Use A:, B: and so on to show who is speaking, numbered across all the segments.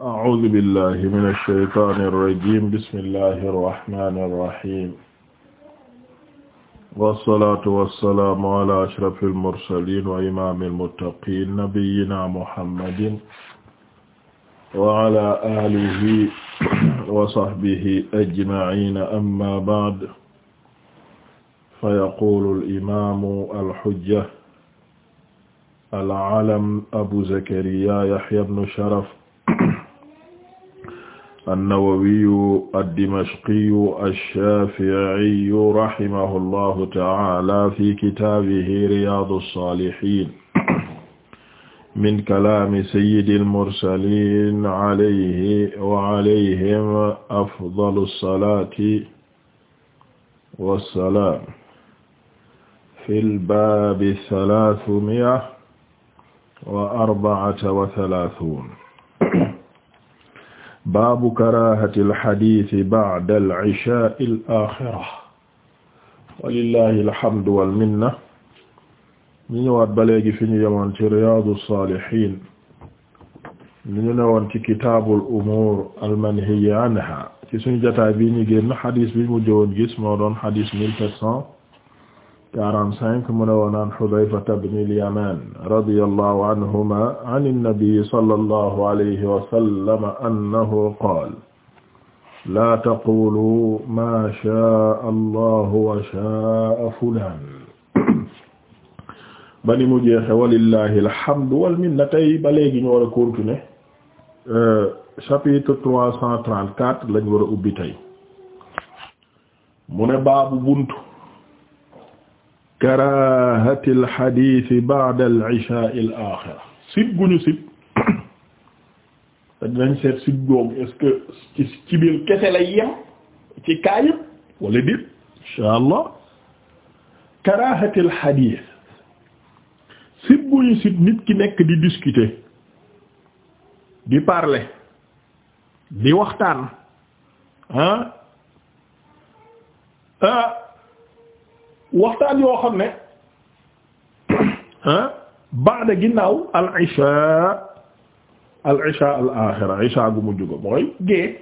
A: أعوذ بالله من الشيطان الرجيم بسم الله الرحمن الرحيم والصلاة والسلام على أشرف المرسلين وإمام المتقين نبينا محمد وعلى آله وصحبه أجمعين أما بعد فيقول الإمام الحجة العلم أبو زكريا يحيى بن شرف annawawiyu addimashqiyu alshafiiyu rahimahu allahu taala fi kitaabihi riyaadu saalihiin min kalaami sayyidi almursaliin alayhi wa alayhim afdalu salaati wassalaam fil baabi salaasumi'a wa arba'ata wa salaasuun baabu karaahati alxadiisi ba'da al-ishaa'i al-aaxira walillaahi alhamdu wal minna ñu ñëwaat ba léegi fi ñu yemoon ci riyaadu saalihiin ñu ñu newoon ci kitaabul umuur al-manhiyyi anhaa ci suñu jotaay bi ñu génn xadis bi mu jëwoon gis moo doon xadis mille sept cent 45 mu ne woon an Hudayfata ibn al-Yaman radiyallahu anhuma an an-nabi sallallahu alayhi wa sallam annahu qaala laa taqulu maa shaa Allahu wa shaa fulaan ba ni mu jeexe walillahi alhamdu wal minna tey ba léegi ñu war a continuer chapitre 334 lañ war a ubbi tey mu ne baabu buntu karaahati alxadiisi
B: ba'da al-ishaa al-aaxira sib guñu sib te ci biir kese la yem ci kaa wala déet inshaa Allah karaahati alxadiis sib guñu sib nit ki nekk di discuter di parler di waxtaan ah, ah waxtaan yoo xam ne ah baada ginnaaw al isha al isha al axira isha gu mooy gée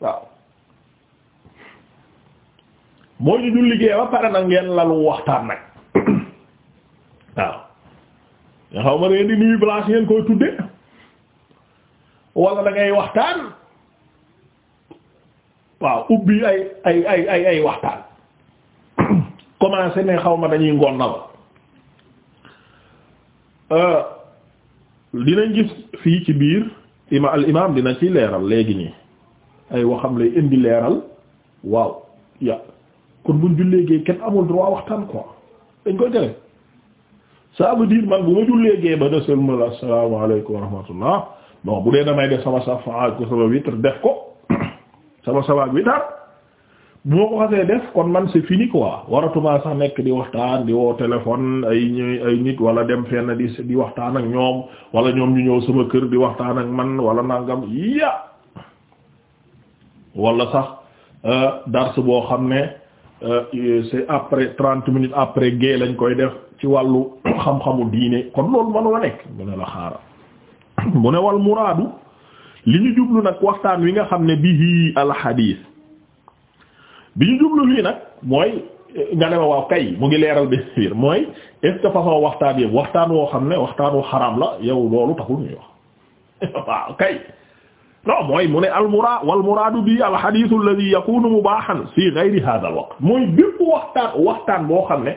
B: waaw mooy ñu julli ba pare nag ngeen lalu waxtaan nag waaw nga xaw koy tudde wala da waaw ubbi ay ay ay ay ay waxtaan commencé ne xaw ma dañuy ngonnal euh, dinañ gis fii ci biir ima al
A: dina ci leeral léegi nii ay waxam lay indi leeral waaw ya
B: kon buñ jullee gee kenn amul droit waxtaan ko dañ koy tere ça veut man bu ma jullee gee ba desal ma la assalaamu alaykum wa rahmatullah bon bu dee damay def sama safa ak sama witre def ko sama safa ak bu ma ko xasee def kon man c'est fini quoi waratuma sax nekk di waxtaan di woo téléphone ay ñuy ay nit wala dem fenn di di waxtaan ak ñoom wala ñoom ñu ñëw sama kër di waxtaan ak man walla nangam ya wala sax euh, dars boo xam ne euh, c'est après trente minutes après gée lañ koy def ci wàllu xam-xamu diine kon loolu manu la nekk mu ne la xaaral mu ne wal muraadu li ñu jublu nag waxtaan wi nga xam ne bihi al hadith bi ñu jublu lii nag mooy eh, nga ne ma waaw kay mu ngi leeral bi biir mooy est-ce que façon waxtaan yëpp waxtaan woo xam ne waxtaanu xaraam la yow loolu taxul ñuy wax waaw kay non mooy mu ne almura wal muraadu bi alxadiisu alladi yakunu mubaaxan fi gayri hada al waqt mooy bépp waxtaan waxtaan boo xam ne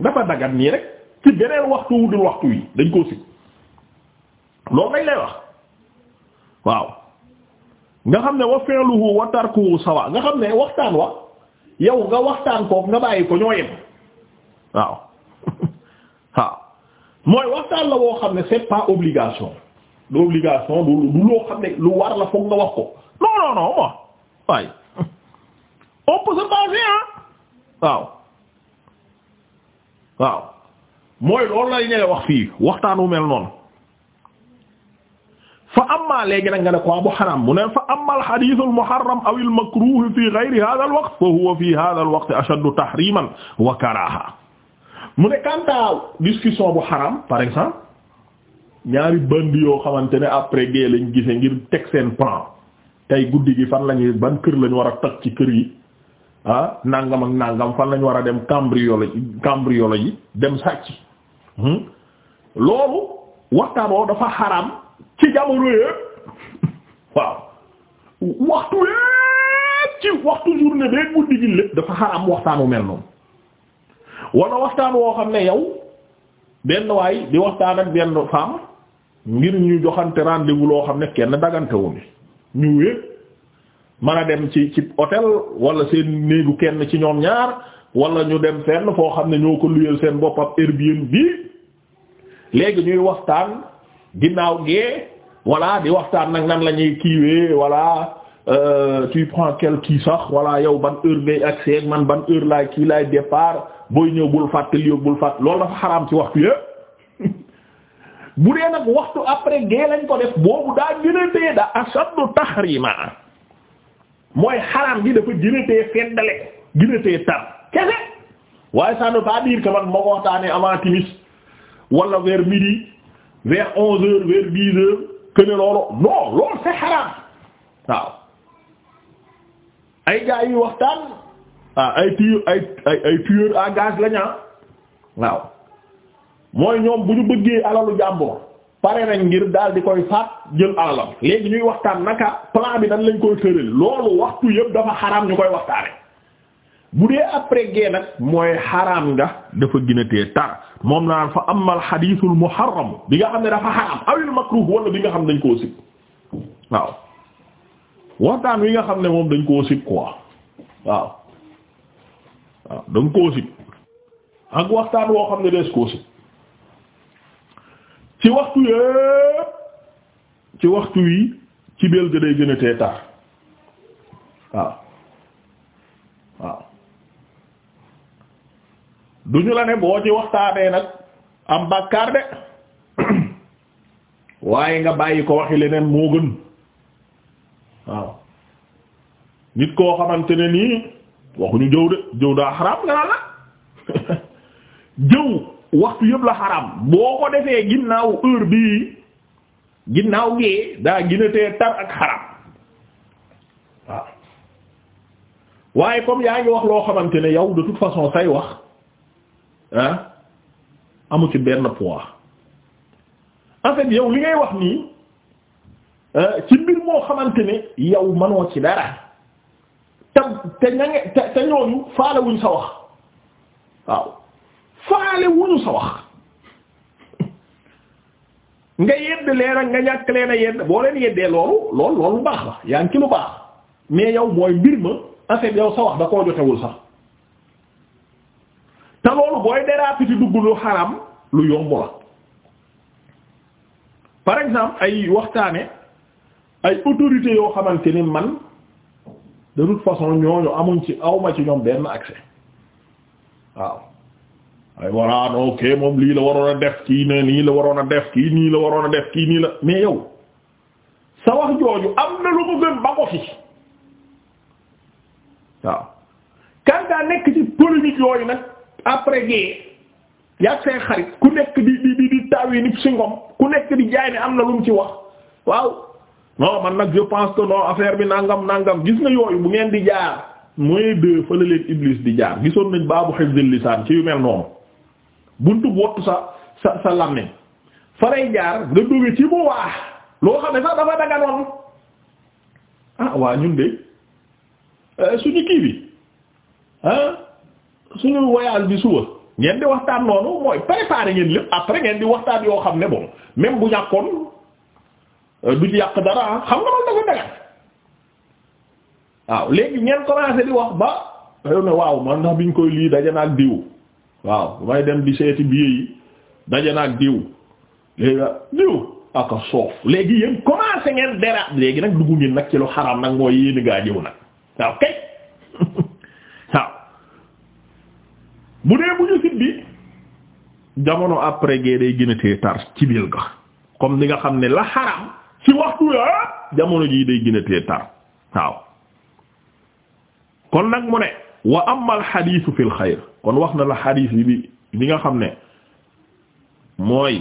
B: dafa dagat nii rek ci beneen waxtu wu dul waxtu yi dañ koo si loolu dañ lay wax waaw nga xam ne wa fi'luhu wa tarkuhu sawa nga xam ne waxtaan wa yow nga waxtaan kook nga bàyyi ko ñoo yem
A: waaw
B: waaw mooy waxtaan la woo xam ne c'est pas obligation du obligation du loo xam ne lu war la foog nga wax ko non non non moi waaye on peut se waaw waaw mooy loolu lay ñëwee wax fii waxtaan wu mel noonu. fa amma léegi nag nga ne quoi bu xaram mu ne fa amma al hadith al aw al makruh fi ghayri hadha al waqt fa huwa fi hadha al waqt ashaddu tahriman wa karaha mu ne kanta discussion bu xaram par exemple ñaari bandi yoo xamante ne après gée lañ gise ngir teg seen plan tey guddi gi fan lañuy ban kër lañ war a tax ci kër yi ah nangam nangam fan lañu war a dem cambriolage cambriolage yi dem sàcc hmm? loolu waxtaan boobu dafa xaram ci jamono yépp waaw waxtu yépp ci waxtu journée beeg guddi gi lépp dafa xaram waxtaan wu mel noonu wala waxtaan woo xam ne yow benn waay di waxtaan ak benn femme ngir ñu joxante rendez loo xam ne kenn dagantewuñu ñu yépp mën a dem ci ci hôtel wala seen néegu kenn ci ñoom ñaar wala ñu dem fenn foo xam ne ñoo ko luyeel seen bopp ab Airbnb bi léegi ñuy waxtaan. ginnaaw gee voilà di waxtaan nag nan la ñuy kiiwee voilà euh, tu prends quel kii sax voilà yow ban heure ngay accès man ban heure laay kii laay départ booy ñëw bul fàttali yow bul fàtt loolu dafa xaraam dee nag waxtu après lañ ko def boobu daa gën a dee da ashaddu tahrima mooy xaraam bi dafa gën feddale gën tar kese waaye ça ne veut man moo ko waxtaanee avant timis wala vers vers onze heures vers dix heures que ne loolu non loolu c'est haram waaw ay gars yi waxtaan ah, ay tueur ay à gage lañu ah. waaw mooy ñoom bu ñu bëggee alalu jàmbur pare nañ ngir daal di koy faat jël alalam léegi ñuy waxtaan naka plan bi dañ lañ koy tëral loolu waxtu yëpp dafa haram ñu koy waxtaane bu dee après gee nag mooy xaraam nga dafa gën a tee tar moom naa naan fa amal xadiisul muharram bi nga xam ne dafa xaraam awil makruh wala bi nga xam ne dañ koo sib waaw waxtaan wi nga xam ne moom dañ koo sib quoi waaw waaw dañ koo sib ak waxtaan woo xam ne dees koo sib ci waxtu yépp ci waxtu wi ci bel ga day gën a tee tar waaw waaw du ñu la ne boo ci waxtaanee nag am bàkkaar de waaye nga bàyyi ko waxi leneen moo gën waaw nit koo xamante ne nii waxuñu jëw de jëw daa xaraam nga la jëw waxtu yëpp la xaraam boo ko defee ginnaaw heure bii ginnaaw gee daa ginatee tar ak xaraam waaw waaye comme yaa ngi wax loo xamante ne yow de toute façon say wax ah amu ci benn poids en fait yow li ngay wax nii euh, ci mbir moo xamante ni yow manoo ci dara te te ña te ñooñu faale wuñ sa wax waaw faale wuñu sa wax nga yedd leen ak nga ñàkk leen a yedd boo leen yeddee loolu lool loolu lu baax la yaa ngi ci lu baax mais yow mooy mbir ma en fait sa wax da koo jotewul sax te loolu booy déraper ci dugg lu xaram lu yomb la par exemple ay waxtaane ay autorités yoo xamante ni man de toute façon ñooñu amuñ ci awma ci ñoom benn accès waaw ay waraan ok moom lii la waroon a def kii ne nii la waroon a def kii nii la waroon a def kii nii la mais yow sa wax jooju am na lu ko gën ba ko fi waaw kantaa nekk ci polémique yooyu nag après gée yàgg seen xarit ku nekk di di di di si ngom ku nekk di jaay ne am na lu mu ci wax waaw non man nag je pense que non affaire bi nangam nangam gis nga yooyu bu ngeen di jaar mooy de fële leen iblis di jaar gisoon nañ baabu hifzil lisaan ci yu mel noonu buntu wottu sa sa sa làmmiñ fa lay jaar nga dugg ci mu waax loo xam ne sax dafa daganoon ah waa ñun de euh, suñu kii bi ah suñu voyage bi suba ngeen di waxtaan noonu mooy préparer ngeen lépp après ngeen di waxtaan yoo xam ne bon même bu ñàkkoon euh, du ci yàq dara xam nga loolu dafa dagan waaw léegi ngeen commencé di wax ba xëy na waaw man ndax biñ koy lii daje naag diw waaw bu may dem di seeti bi yi daje naag diw léegi diw ak a soof léegi yéen commencé ngeen dara léegi nag dugg ngeen nag ci lu xaram nag mooy yéen gaa jiw nag waaw kay. bu dee bu ñu sit bi jamono après guerre day gën a tar ci biir ga comme ni nga xam ne la xaram ci waxtu ya jamono jii day gën a tee tar waaw kon nag mu ne wa amal xadiisu fil xayr kon wax na la xadiis bi bi nga xam ne mooy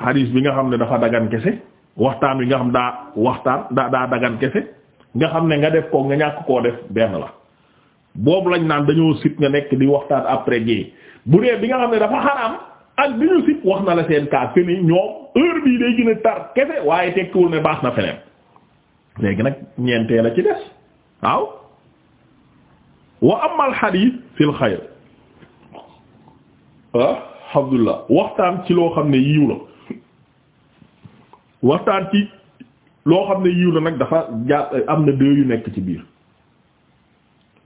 B: xadiis bi nga xam ne dafa dagan kese waxtaan bi nga xam daa waxtaan daa daa dagan kese nga xam ne nga def ko nga ñàkk koo def benn la boobu lañ naan dañoo sit nga nekk di waxtaan après jii bu dee bi nga xam ne dafa xaraam ak bi sit wax na la seen cas que ni ñoom heure bii day gën a tar kese waaye tekkiwul ne baax na feneen léegi nag ñeentee la ci des waaw wa amma al hadith fil xayr ah, alhamdulillah waxtaan ci loo xam ne yiw la waxtaan ci loo xam ne yiw la nag dafa ja am na deux yu nekk ci biir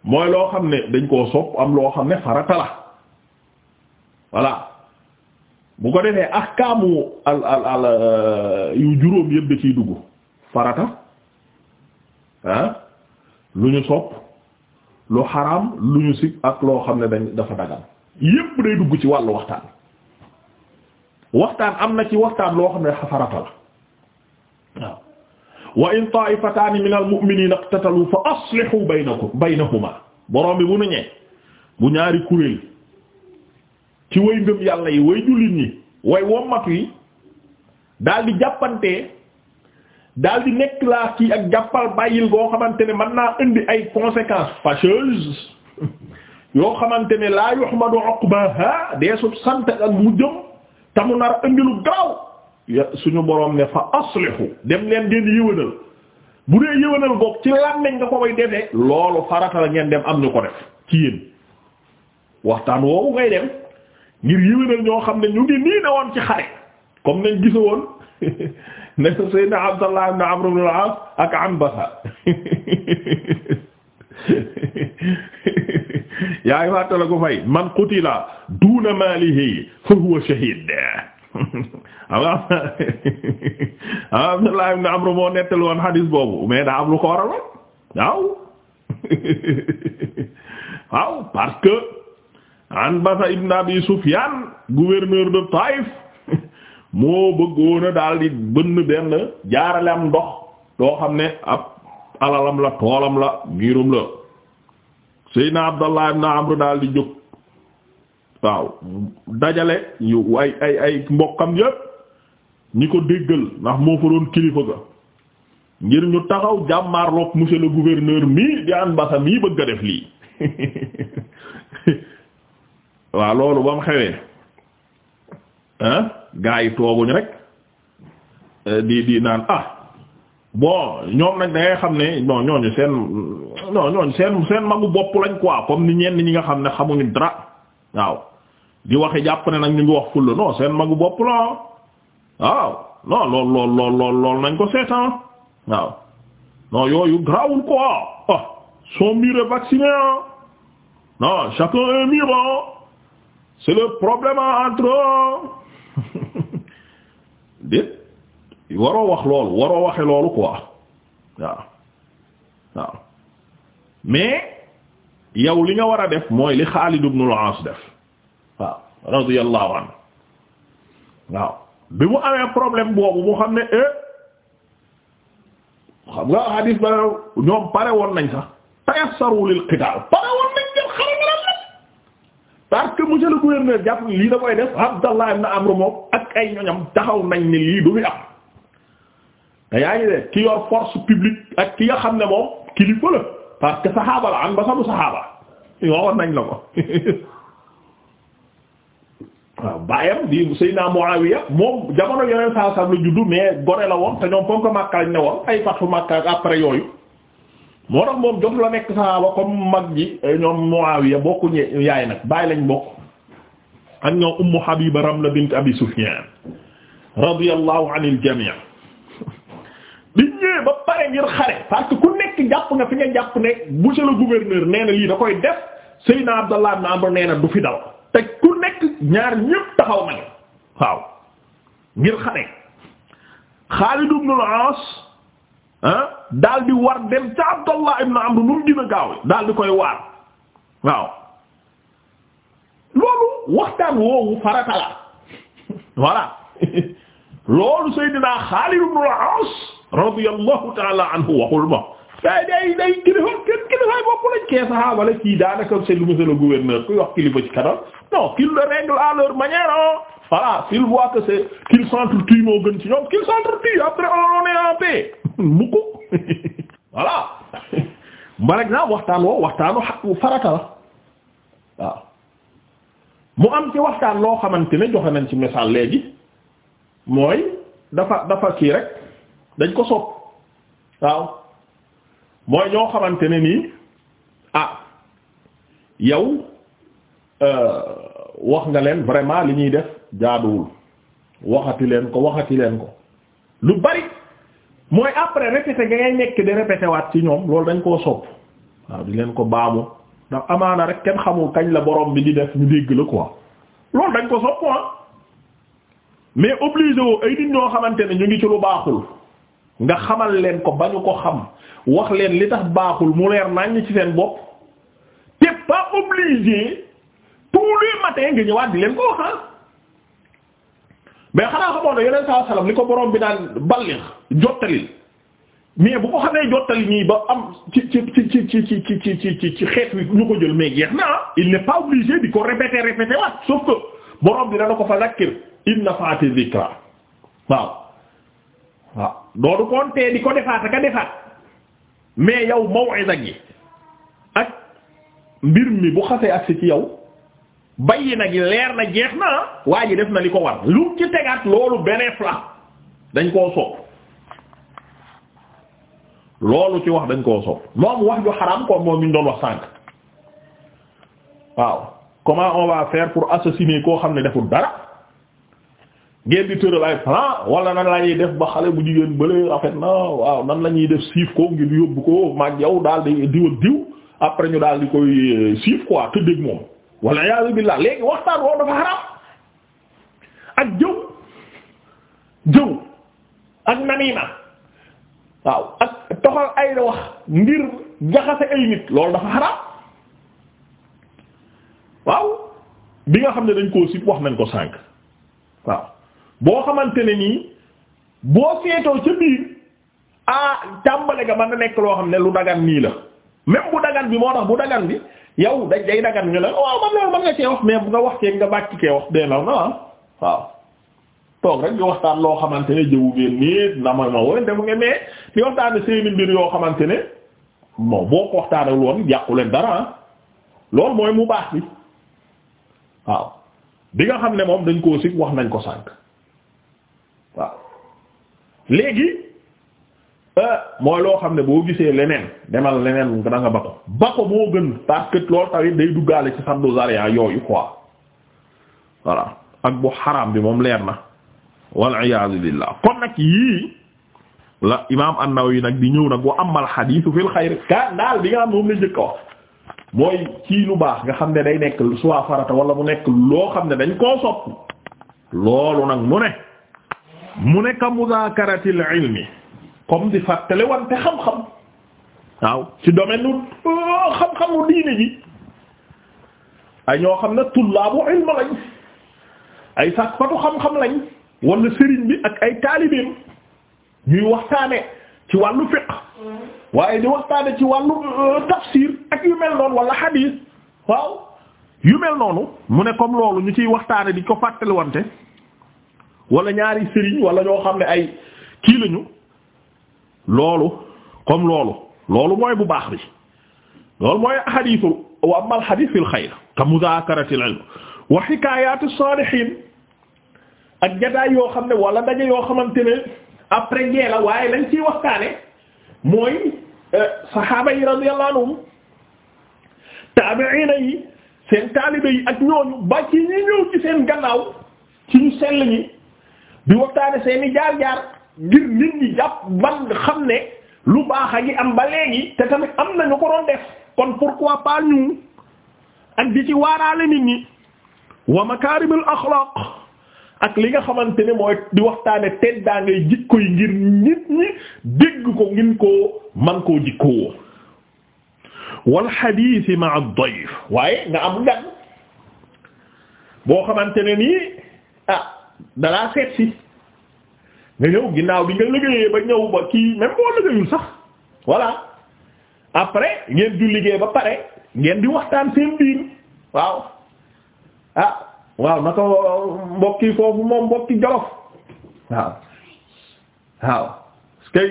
B: mooy loo xam ne dañ koo sopp am loo xam ne farata la voilà bu ko defee ahkaamu al al al euh, yu juróom yëpp da ciy dugg farata lu ñu sopp lu xaraam lu ñu sib ak loo xam ne dañ dafa dagan yëpp day dugg ci wàllu waxtaan waxtaan am na ci waxtaan loo xam ne farata la waaw wa in taa'ifataani min al-mu'miniina iqtatalu fa aslihu baynakum baynahumaa borom bi bu nu ñee bu ñaari kuréel ci way ngëm yàlla yi way jullit ñi way wommatu yi daal di jàppante daal nekk laa ci ak jàppal bàyyil goo xamante ne mën naa indi ay conséquences fâcheuses yoo xamante ne laa yuhmadu uqbaha dee sut sant ak mu jëm te mu nar indi lu gaaw suñu borom ne fa aslihu dem leen ngeen yëwénal bu dee yëwénal boog ci làmmeñ nga ko koy defee loolu farata ngeen dem am ñu ko def ci yéen waxtaan woowu ngay dem ngir yëwénal ñoo xam ne ñu ngi nii ne woon ci xare comme nañ gisa woon ne Seydina Abdallah ibn Amr ibn al-As ak Anbasa yaay fàttala ko fay man qutila duna malihi fa huwa shahid awa a Abdullah ibn Amr moo nettali woon xadiis daa am lu ko waraloon benn jaarale am ndox ne ab alalam la toolam la ngirum di jóg waaw dajale yu ay ay ay mbokkam yépp ñi ko déggal ndax moo fa doon kilifa ga ngir ñu taxaw jàmmaarloog monsieur le gouverneur mii di an basa mii bëgg a def lii
A: waaw loolu ba mu xewee hein
B: gaa yi tooguñ rek eh, di di naan ah bon ñoom nag da xam ne non ñooñu seen non ñooñu seen seen magu bopp lañ quoi comme ni ñenn ñi nga xam ne xamuñu dara waaw di waxe jàpp ne nag ñu ngi wax fulla non seen magu bopp la waaw non lool lool lool nañ ko seetaan waaw non yooyu grawul quoi ah son mur est vacciné ah non chacun est libre c'est le problème entre dit waroo wax loolu waroo waxe loolu quoi waaw waaw mais yow li nga war a def mooy li Xaalid ibn al-Aas def waaw radiyallahu anhu mu amee problème boobu moo xam ne eh, xam nga hadis ba ñoom pare woon nañ sax tayassaru lil qital pare woon nañ jël xare nga la lii da koy def Abdallah ibn Amr moom ak ay ñoñam taxaw nañ ni lii du muy am te yaa ngi ki yor force publique ak ki nga xam ne moom kilifa la parce que saxaaba an ba saxaaba waxoon nañ la ko waaw baayam di naa Muawiya moom jamono yeneen saa saa la juddu mais gore la woon te ñoom comme que Makka lañ ne woon ay fatu Makka après yooyu moo tax moom jotu la nekk saaba comme mag ji eh, ñoom Muawiya bokku yaay nag baay lañ bokk ak ñoom Ummu Habiba Ramla bint Abi Sufyan radiyallahu anil jami' ñëwee ba pare ngir xare parce que ku nekk jàpp nga fi nga jàpp ne monsieur le gouverneur nee na lii da koy def Seydina Abdallah ibn Amr nee na du fi dal te ku nekk ñaar ñëpp taxaw nañu waaw ngir xare Xaalid ibn al-Aas ah, di war dem ca Abdallah ibn Amr nu mu gën a gaaw daal di koy waar waaw loolu waxtaan woowu farata la loolu Seydina Xaalid ibn al-Aas radiyallahu taala anhu waxul ma day day day kilifa kenn kilifaay bopp lañ kee saxaaba la kii daanaka c'est le monsieur le gouverneur kuy wax kilifa ci kanam non qu'ils le règlent à leur manière o voilà s'ils voient que c'est qu'ils s'entretuent moo gën ci ñoom qu'ils s'entretuent après on est en waxtaan woo waxtaanu xaq farata la waaw mu am ci waxtaan loo xamante ne joxe nañ ci misaal léegi mooy dafa dafa kii rek dañ ko sopp waaw mooy ñoo xamante ne nii ah yow euh, wax nga leen vraiment li ñuy def jaaduwul waxati leen ko waxati leen ko lu bari mooy après répété nga ngay nekk di répété waat ci ñoom loolu dañ koo sopp waaw di leen ko baamu ndax amaana rek kenn xamul kañ la borom bi di def ñu dégg la quoi loolu dañ ko sopp ah mais obligé woo ay ñoo xamante ne ñu ngi ci lu baaxul nga xamal leen ko ba ñu ko xam wax leen li tax baaxul mu leer nañ ci seen bopp te pas obligé tous les matins nga ñëwaat di leen ko wax ah mais xanaa xamoon na yeneen saa salaam li ko boroom bi daan ballir jottalil mais bu ko xamee jottali ñii ba am ci ci ci ci ci ci ci ci xeet wi ñu ko jël mais jeex na ah il n'est pas obligé di ko répéter répéter waat sauf que borom bi dana ko fa zakkir inna faati zikra waaw waaw. doodu compter di ko defaat ka defaat mais yow maw'ida yi ak mbir mi bu xasee ak si ci yow bayyi na leer na jeex na waa ji def na li ko war lu ci tegaat loolu beneen la dañ koo sopp loolu ci wax dañ koo sopp moom wax ju xaraam kon moom mi ñu doon wax sànq waaw comment on va faire pour assassiner koo xam ne deful dara ngeen di tëral ay plan wala nan la def ba xale bu jigéen bële rafet na waaw nan la ñuy def siif ko ngir yóbbu ko maag yow daal di diw après ñu daal di koy euh, siif quoi te dégg moom wala iyaazu billaah léegi waxtaan woo dafa xaram ak jëw jëw ak naniina waaw ak toxal ay da wax ngir jaxase ay nit loolu dafa xaram waaw bi nga xam ne dañ koo siif wax nañ ko sànk waaw boo xamante ne nii boo seetoo ca biir ah tàmbale nga mën na nekk loo xam ne lu dagan nii la même bu dagan bi moo tax bu dagan bi yow day day dagan ñu ne waaw oh, man loolu mën nga cee wax mais bu nga wax cee nga bàcc cee wax dee na ah waaw toog rek di waxtaan loo xamante ne jëwu ngeen nii na ma ma wala defu ngeen mais di waxtaane seeni mbir yoo xamante ne boo ko waxtaan woon yàqu leen dara lool ah. loolu mooy mu baax bi waaw bi nga xam ne moom dañ koo si wax nañ ko sànq. waaw léegi euh, mooy loo xam ne boo gisee leneen demal leneen da nga ba ko ba moo gën parce que loolu tamit day duggaale ci saddu zaria yooyu quoi voilà ak bu xaraam bi moom leer na wal iyaadu billah kon nag yii la imaam an-Nawawi nag di ñëw nag wa amal xadiisu fil xayr ka daal bi nga xam ne moom la njëkk wax mooy ci lu baax nga xam ne day nekk soit farata wala mu nekk loo xam ne dañ koo sopp loolu nag mu ne mu ne ka muzaakaratil ilmi comme di fàttale wante xam-xam waaw ci domaine nu xam-xamu diine ji ay ñoo xam ne tullaabu ilm lañ ay sàkkatu xam-xam lañ wala sëriñ bi ak ay taalibeem ñuy waxtaane ci wàllu fiqh waaye di waxtaane ci wàllu tafsir ak yu mel noonu wala hadith waaw yu mel noonu mu ne comme loolu ñu ciy waxtaane di ko fàttale wante wala ñaari sëriñ wala ñoo xam ne ay kii lañu loolu comme loolu loolu mooy bu baax bi loolu mooy xadiisu wa amal xadiis fil xayr ka mudaakaratil ilm wa xikaayaatu saalihiin ak yoo xam ne wala daje yoo xamante ne après gee la waaye lañ ciy waxtaane mooy euh, saxaaba yi radiyallahu anhum taabiina yi seen taalibe yi ak ñooñu ba ci ñi ñëw ci seen ci ñu sell di waxtaane seeni jaar-jaar ngir nit ñi jàpp man xam ne lu baax a ngi am ba léegi te tamit am na ñu ko doon def kon pourquoi pas ñu ak di ci waaraale nit ñi wa makarimul ak li nga xamante ne mooy di waxtaane teddaa ngay jikko yi ngir nit ñi dégg ko ngin koo man koo jikkoo wal hadith ma'a ad waaye nga am gan boo xamante ne nii ah, dalaa seet si nga ñëw ginnaaw bi nga liggéeyee ba ñëw ba kii même boo liggéeyul sax voilà après ngeen du liggéey ba pare ngeen di waxtaan seen biir waaw ah waaw naka mbokki foofu moom mbokki jolof waaw waaw parce que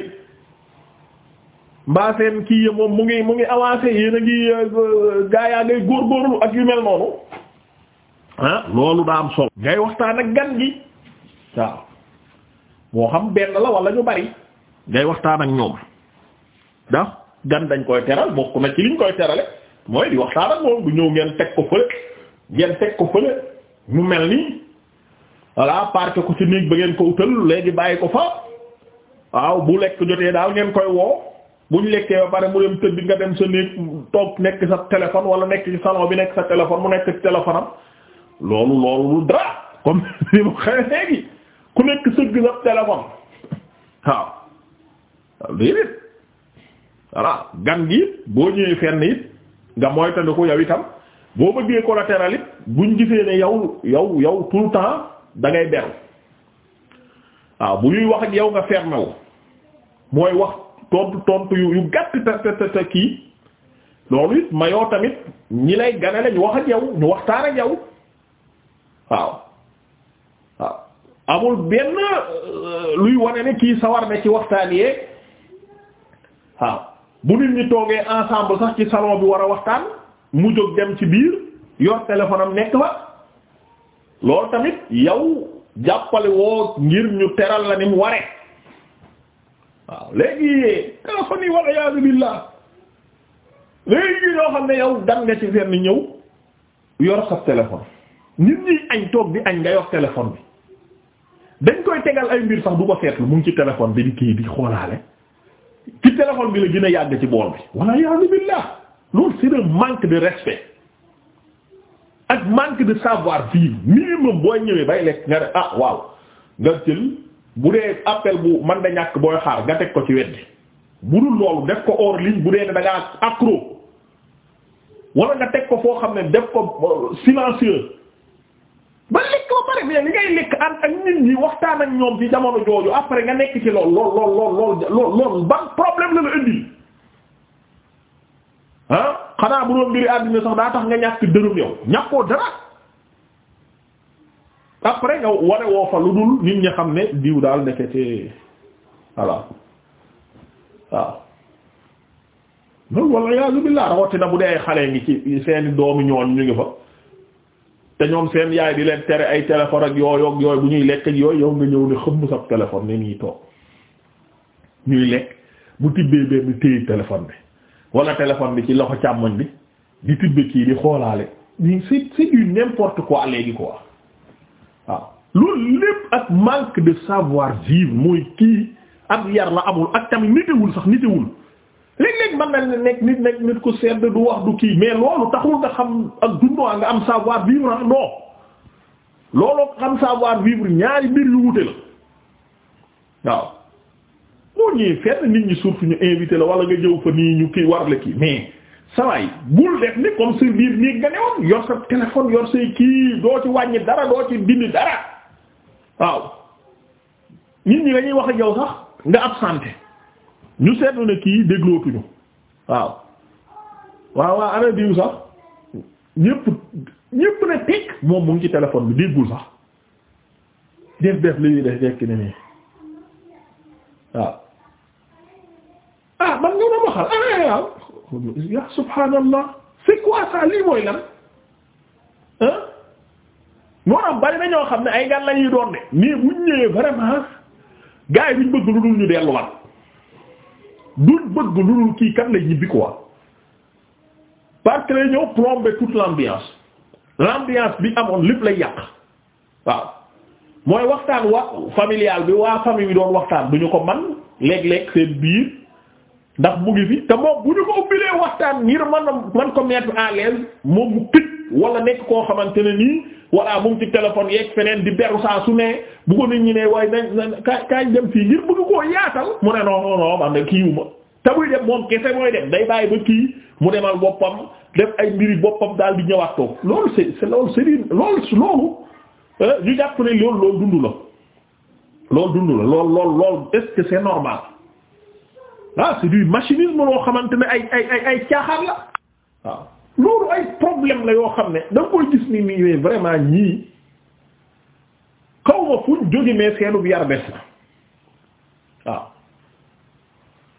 B: mbaa seen kii moom mu ngi mu ngi avancé yéen a ngi euh, gaa yaa ngay góorgóorlu ak yu mel noonu Ah, loolu daa am solo ngay waxtaan ak gan gi waaw moo xam benn la wala ñu bari ngay waxtaan ak ñoom ndax gan dañ koy teral bokk na ci liñ koy terale mooy di waxtaan ak moom du ñëw ngeen teg ko fële ngeen teg ko fële mu mel nii voilà parke ko ci néeg ba ngeen ko utal léegi bàyyi ko fa waaw bu lekk jotee daal ngeen koy woo buñ lekkee ba pare mu dem tëdd nga dem sa néeg toog nekk sa téléphone wala nekk ci salon bi nekk sa téléphone mu nekk ci loolu loolu lu dara comme li léegi ku nekk sëgg sa téléphone waaw waaw déedéet gan gi boo ñëwee fenn it nga moytandiku yow itam boo bëggee collatéral bu buñ gisee ne yow yow yow tout temps da ngay beru waaw bu ñuy wax ak yow nga fermé wu mooy wax tontu tontu yu gàtt te te te kii loolu it mayoo tamit ñi lay ganale ñu wax ak yow ñu waxtaan ak yow.
A: waaw waaw
B: amul benn euh, luy wane ne kii sawar ne ci waxtaan yeeg waaw bu nit ñi toogee ensemble sax ci salon bi war a waxtaan mu jóg dem ci biir yor téléphone am nekk fa loolu tamit yow jàppale woo ngir ñu teral la ni mu ware waaw léegi téléphone yi walla yaa billah léegi ñoo xam ne yow dan ci fenn ñëw yor sa téléphone nit ñi añ toog di añ nga yor téléphone bi dañ koy tegal ay mbir sax du ko seetlu mu ngi ci téléphone bi di kii di xoolaale ci téléphone bi la gën a yàgg ci bool bi walla yàlla billah loolu c'est manque de respect ak manque de savoir vivre minimum booy ñëwee bay lekk nga ne ah waaw nga jël bu dee appel bu man da ñàkk booy xaar nga teg ko ci wet bu dul loolu def ko hors bu dee ne da ngaa accro nga teg ko foo xam ne def ko euh, silencieux ba lekk pare mais li ngay lekk ànd ak nit ñi waxtaan ak ñoom ci jamono jooju après nga nekk ci lool lool lool lool lool lool problème la la indi ah xanaa bu doon mbiri àddina sax daa tax nga ñàkk dërëm yow ñàkkoo dara après nga wane woo fa lu dul nit ñi xam ne diw daal nekkete voilà waaw loolu walla iyaazu billaah rawatina bu dee xale ngi ci seeni doomi ñooñ ñu ngi fa te ñoom seen yaay di leen tere ay téléphone ak yooyu ak bu ñuy lekk ak yooyu yow nga ñëw ni xëmm sa téléphone ne ñuy toog ñuy lekk bu tibbee benn téye téléphone bi wala téléphone bi ci loxo càmmoñ bi di tibbe kii di xoolaale ñi c'est c'est du n'importe quoi léegi ko waaw loolu lépp ak manque de savoir vivre mooy kii ab yar la amul ak tamit nitewul sax nitewul léeg-léeg mën na nekk nit nekk nit ku sedd du wax du kii mais loolu taxul nga xam ak dundoo nga am savoir vivre ah non looloo xam savoir vivre ñaari mbir yu wute la waaw nit ñi surtout ñu invité la wala nga jëw fa nii ñu kii war la kii mais sawaay bul def ni comme si biir nii nga ne woon yor sa téléphone yor say kii doo ci wàññi dara doo ci dindi dara waaw nit ñi dañuy wax ak yow sax nga absenté ñu seetlu ne kii déglootuñu waaw waaw waaw ana diw sax ñépp ñépp ne teg moom mu ci téléphone bi déggul sax def def li ñuy def dekk ni nii waaw ah man nga doon waxal ah, ah, ah. yaa subhaanallah c'est quoi ça lii mooy lan ah moo tax bari na ñoo xam ne ay gan la ñuy doon de mais buñ ñëwee vraiment gars yi duñ bëgg lu dul ñu delluwaat duñ bëgg lu dul kii kat la ñibbi quoi parce que ñëw plomber toute l'ambiance l'ambiance bi amoon lépp lay yàq waaw mooy waxtaan wa familial bi waa famille bi doon waxtaan du ñu ko man léeg-léeg seen biir ndax mu ngi te moom bu ñu ko ubbilee waxtaan ngir man man ko mettre à moom mu tëj wala nekk koo xamante ne nii walla mu ngi ci téléphone yeeg feneen di beru saa su ne bu ko nit ñi ne waaye nañ nañ kaay dem fii ngir bëgg koo yaatal mu ne non non non man te muy dem moom kese mooy dem day bàyyi ba kii mu demal boppam def ay mbiri boppam daal di ñëwaat toog loolu c'est c'est loolu c'est loolu loolu jàpp ne loolu loolu dund la loolu dund la loolu loolu est-ce que c'est normal ah c'est du machinisme loo xamante ne ay ay ay ay la ah. loolu ay problème la yoo xam ne da nga koy gis ni nii vraiment ñii xaw ma fuñ jóge mais seenub yar bes na waaw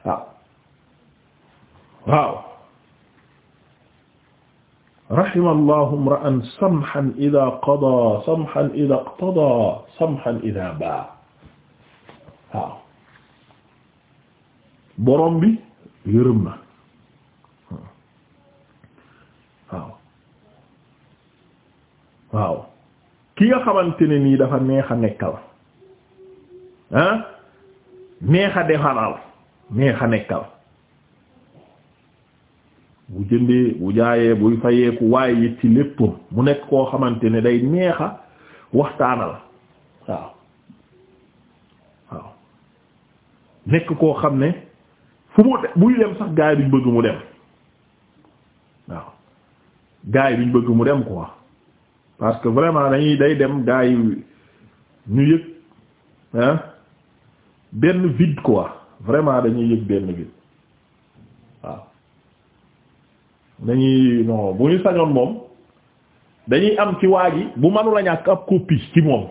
B: waaw waaw rahima allahu ida qada samhan ida iqtada samhan ida baa waaw borom bi yërëm na waaw ki nga xamante ne nii dafa neex a nekkal ah neex a defaral neex a nekkal bu jëndee bu jaayee buy fayeeku waaye it ci lépp mu nekk koo xamante ne day neex a waxtaanal waaw waaw nekk koo xam ne fu mu buy dem sax gaay yi duñ bëgg mu dem waaw gaay yi duñ bëgg mu dem quoi. parce que vraiment dañuy day dem gaa yi ñu yëg ah benn vide quoi vraiment dañuy yëg benn vide waaw dañuy non bu ñu sañoon moom dañuy am ci waa ji bu mënula ñàkk ab copie ci moom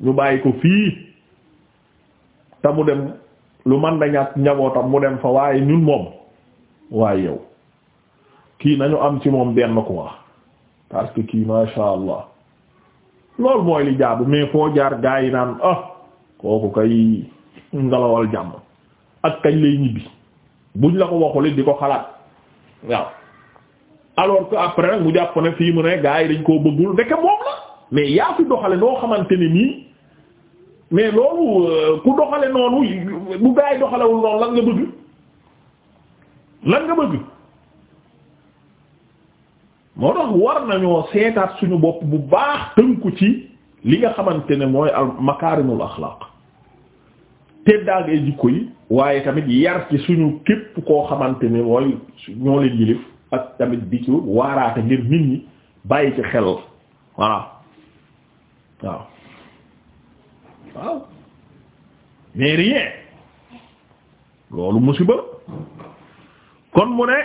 B: ñu bàyyi ko fii te mu dem lu man da njabootam mu dem fa waaye ñun moom waaye yow kii nañu am ci moom benn ko
A: quoi parce que kii masha allah
B: loolu mooy li jaabu mais foo jaar gaa yi naan ah kooku kay ngalawal jàmm ak kañ lay ñibbi buñ la ko waxulit di ko xalaat waaw alors que après nag mu jàpp ne fii mu ne gaa yi dañ koo bëggul ndeke moom la mais yaa fi xamante ne nii mais loolu euh, ku doxale noonu bu gaa yi doxalewul noonu lan nga bëgg lan nga bëgg moo tax war nañoo seetaat suñu bopp bu baax tënku ci li nga xamante ne mooy al makaarimul axlaaq te daa ngay jikko yi waaye tamit yar ci suñu képp koo xamante ne mooy ñoo leen yilif ak tamit di ci waaraate ngir nit ñi bàyyi ci xel voilà waaw waaw mais rien loolu musiba kon mu ne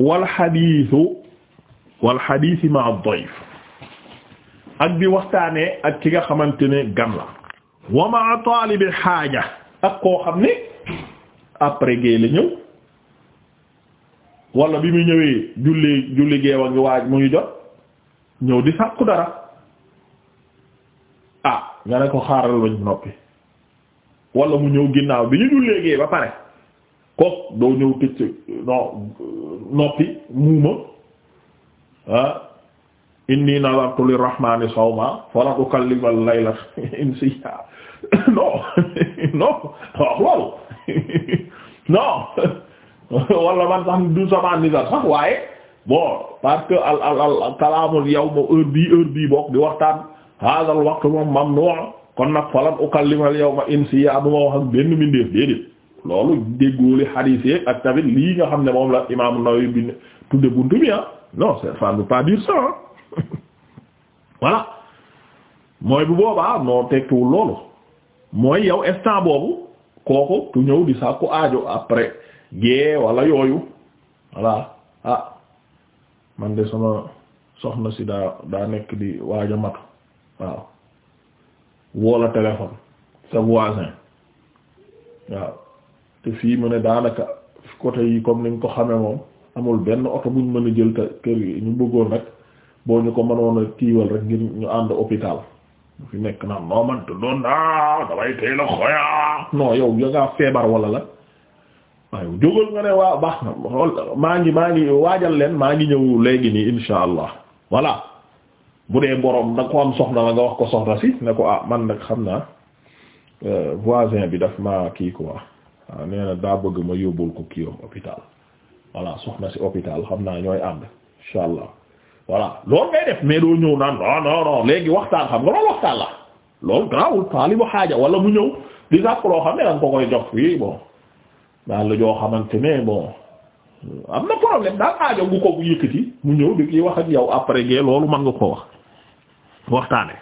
B: wal xadiisu wal xadiisi ma ad-dayf ak bi waxtaanee ak ki nga xamante ne gan la wa ma taalibi xaaja ak koo xam ne après géey la ñëw wala bi mu ñëwee julli julli géew a ngi waaj mu ngi jot ñëw di sàkku dara ah nga ne ko xaaral ba ñu noppi wala mu ñëw ginnaaw bi ñu jullee géey ba pare kook doo ñëw tëcc noppi muuma Ah, inni nadartu lirrahmani sawma falan ukallima al-layla insiya non non wax loolu non man sax du sama nisar sax waaye bon parce que al al al kalaamul yawma heure bii heure bii di waxtaan haadal waqtu moom mamnu' kon nag falan ukallima al-yawma insiya du ma wax ak benn mbindeef déedéet loolu déggooli xadiis ak lii nga xam ne moom la imaam Nawawi bi tudde buntu bi ah non ça ne veut pas dire ça hein mooy bu boobaa noo tekkiwul loolu mooy yow instant boobu kooku tu ñëw di sàkku aajo après gée wala yooyu voilà ah man de sama
A: soxna si daa daa nekk di waajo matu waaw woola téléphone sa voisin waaw te fii mu ne daanaka côté yi comme niñ ko xame moom amul benn bu ñu mën a jël te kër yi ñu
B: bëggoon rek boo ñu ko mënoon a tiiwal rek ngir ñu ànd hôpital fi nekk naan noo mënta doon naa damay tey la xoyaa non yow ya ngaa feebar wala la waaye jógal nga ne waa baax na maa ngi maa ngi waajal leen maa ngi ñëw léegi nii insha allah voilà bu dee borom da ko am soxna la nga wax ko soxna si ne ko ah man nag
A: xam naa euh, voisin bi daf ma kii quoi waaw ah, nee na daa bëgg ma yóbbul ko kii hôpital voilà soxna si hôpital xam naa ñooy ànd insha allah
B: voilà loolu ngay def mais doo ñëw naan non non léegi waxtaan xam nga loolu waxtaan la loolu grawul taalibu xaaja wala mu ñëw di sàkk xam ne da nga koy jox fii bon daal la joo xamante ne bon am mu ñëw di wax ak yow après gee loolu mën nga ko wax waxtaane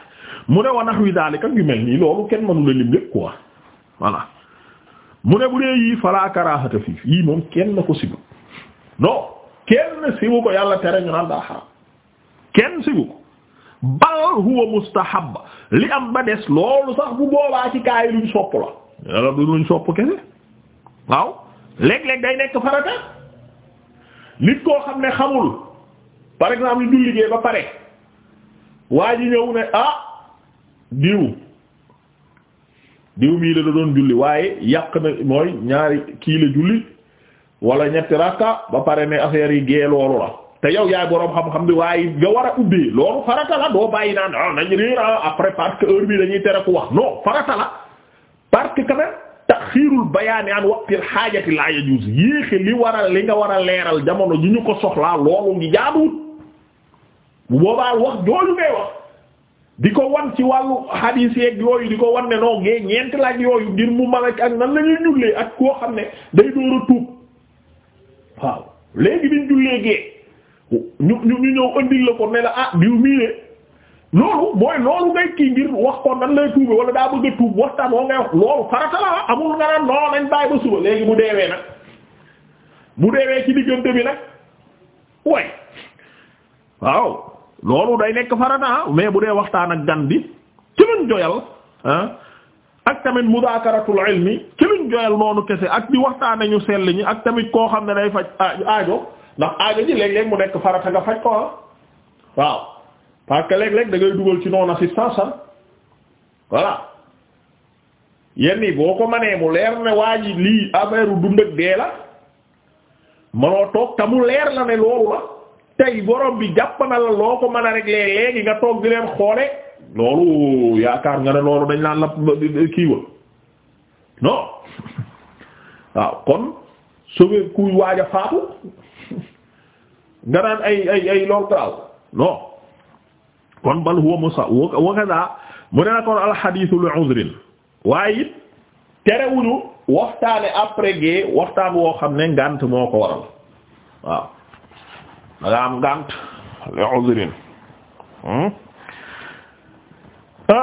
B: mu ne wa nahwi daalika yu mel nii loolu kenn mënu la lim lépp quoi voilà mu ne bu dee yii falaa karaahata fii yii moom kenn na ko sibu non kenn siwu ko yàlla tere ñu naan daa xaram kenn siwu ko bal huwa mustahab li am ba des loolu sax bu boobaa ci kaay luñ sopp la yàlla du luñ sopp kese waaw léeg-léeg day nekk farata nit koo xam ne xamul par exemple ñu liggéey ba pare waa ji ñëw ne ah diw diw mii la da doon julli waaye yàq na mooy ñaari kii la julli wala ñetti rakka ba pare ne affaire yi gée loolu la te yow yaay boroom xam-xam bi waaye nga war a ubbee loolu farata la doo bàyyi naan ah nañ réer ah, après parce que heure bi dañuy tere wax non farata la parce que quand même taxiirul bayaani an waqtil xaajati la yajuuz yéexe li war li nga war a leeral jamono ji ñu ko soxlaa loolu ngi jaaduwut bu boobaa wax jooju ngay wax di ko wan ci wàllu hadis yeeg yooyu di ko wan ne non gée ñeent laaj yooyu ngir mu mën ak nan lañuy ñuy ak koo xam ne day waaw léegi biñ jullee gee ñu ñu ñu ñëw andil la ko ne la ah diw mii loolu mooy loolu ngay kii ngir wax ko nan lay tuube wala daa bëgg a tuub waxtaan woo ngay wax loolu farata la ah amul nga naan non nañ bàyyi ba suba léegi mu deewee nag mu deewee ci diggante bi nag way waaw loolu day nekk farata ah mais bu dee waxtaan ak gan bi ci mën joyal ah ak tamit mudaakaratul ilmi ñu joyal noonu kese ak di waxtaane ñu sell ñi ak tamit koo xam ne day faj aajo ndax aajo ji léeg-léeg mu nekk farata nga faj ko ah. waaw parce que léeg-léeg dugal ci non assistance am ah. voilà yenn boo ko manee mu leer ne waa ji lii affaire dund ak dee la manoo toog te leer la ne loolu la tey borom bi jàpp na la loo ko mën a régler léegi nga toog di leen xoole loolu yaakaar nga ne loolu dañ laa la kiiwa non waaw kon sauver kuy waaj faatu nga ay ay ay kon bal huwa musa wa kaza mu ne na kon alxadiisu li uzrin waaye it terewuñu waxtaane après gee waxtaan woo xam ne ngànt moo ko waral waaw da nga am ngànt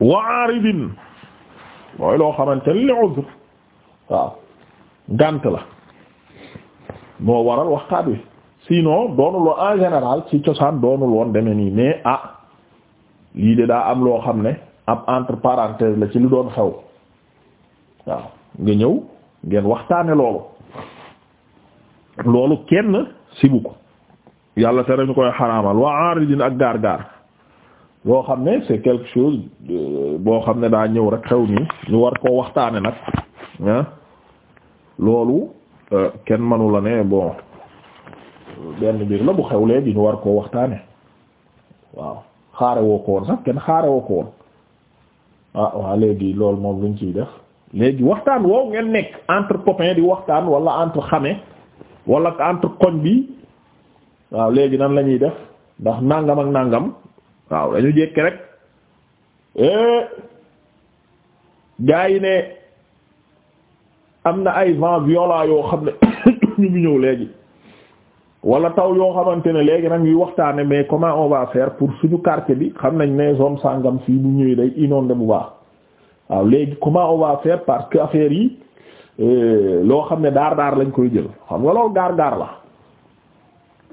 B: wa aaridin mooy loo xamante ne li waaw gànt la moo waral waxtaan wi sinon doonul woon en général ci cosaan doonul woon deme nii mais ah lii de daa am loo xam ne ab entre parenthèse la ci lu doon xew waaw nga ñëw ngeen waxtaane loolu loolu kenn sibu ko yàlla te dañu koy xaraamal wa aaridin ak gaar gaar yoo xam ne c'est quelque chose boo xam ne daa ñëw rek xew nii ñu war koo waxtaane
A: nag ah. loolu euh, kenn manu la ne bon benn biir la bu xew léegi ñu war koo waxtaane waaw
B: xaare woo ko woon sax kenn xaare woo ko woon ah waaw léegi loolu moom luñ ciy def léegi waxtaan woo ngeen nekk entre copains di waxtaan wala entre xame wala entre koñ bi waaw léegi nan lañuy def ndax nàngam ak nàngam waaw dañu jékki rek eh, gaa yi ne am na ay vent violent yoo xam ne ñu ngi ñëw léegi walla taw yoo xamante ne léegi nag ñuy waxtaane mais comment on va pour suñu quartier bi xam nañ ne zone sàngam fii bu ñëwee day inondé bu baax waaw léegi comment on va parce que affaire yi eh, loo xam ne daar daar lañ koy jël xam nga loolu gaar gaar la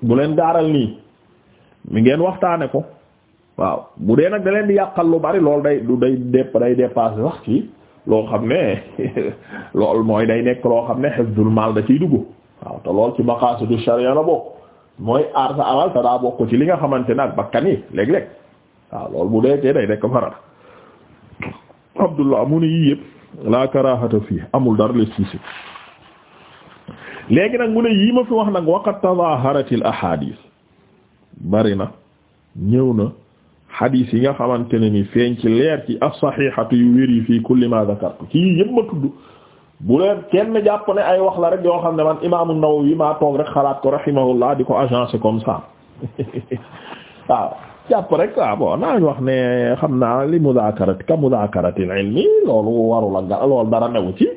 B: bu leen gaaral nii mi ngeen waxtaane ko waaw bu dee nag da leen di yàqal lu bari lool day du day dépp day dépassé wax ci loo xam ne loolu mooy day nekk loo xam ne hifdul mal da ciy dugg waaw te lool ci maqaasidu sharia la bokk mooy aar sa alal daa bokk ci li nga xamante ne ak bakkan yi léeg-léeg waaw loolu bu dee tee day nekk farat Abdullah mu ne yii laa karahata fii amul dara les siisi léegi nag mu ne yii ma fi wax nag waqad tadaharatil ahadith bari na ñëw na xadiis yi nga xamante ne ni feeñ ci leer ci as-saxiixatu yu wér yi fii ma zakartu ci yëpp ma tudd bu leen kenn jàpp ne ay wax la rek yoo xam ne man imaamu Nawawi maa toog rek xalaat ko rahimahullah di ko agencé comme ça waaw jàpp rek waaw wax ne xam naa li muzakarati ka muzakarati al-ilmi loolu warula ga loolu dara newu ci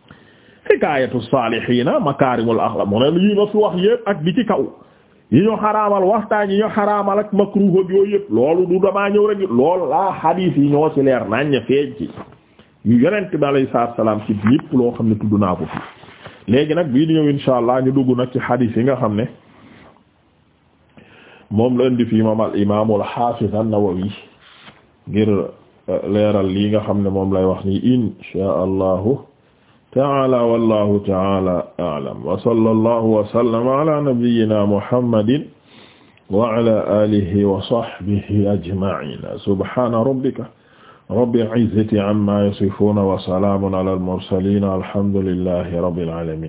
B: hikaayatu saalihiina makaarimul axlaaq mu ne lii ma fi wax yépp ak bi ci kaw yi ñu xaraamal waxtaan yi ñu xaraamal ak makruh ak yooyu yëpp loolu du damaa ñëw rek loolu laa xadiis yi ñoo ci leer nañ feeñ ci yu yonent bi alayhi salaam ci lépp loo xam ne tudd naa ko fi léegi nag bi di ñëw insha allah ñu dugg nag ci
A: xadiis yi nga xam ne moom la indi fii moom al imaamul xaafiz an-Nawawi ngir euh, leeral lii nga xam ne moom lay wax nii insha taala wallahu taala alam wa sallallahu wa sallama ala nabiyyina muhammadin wa ala alihi wa sahbihi ajma'ina subhana rabbika rabbil izzati amma yasifuna wa salamun ala al mursalin alhamdulillahi rabbil alamin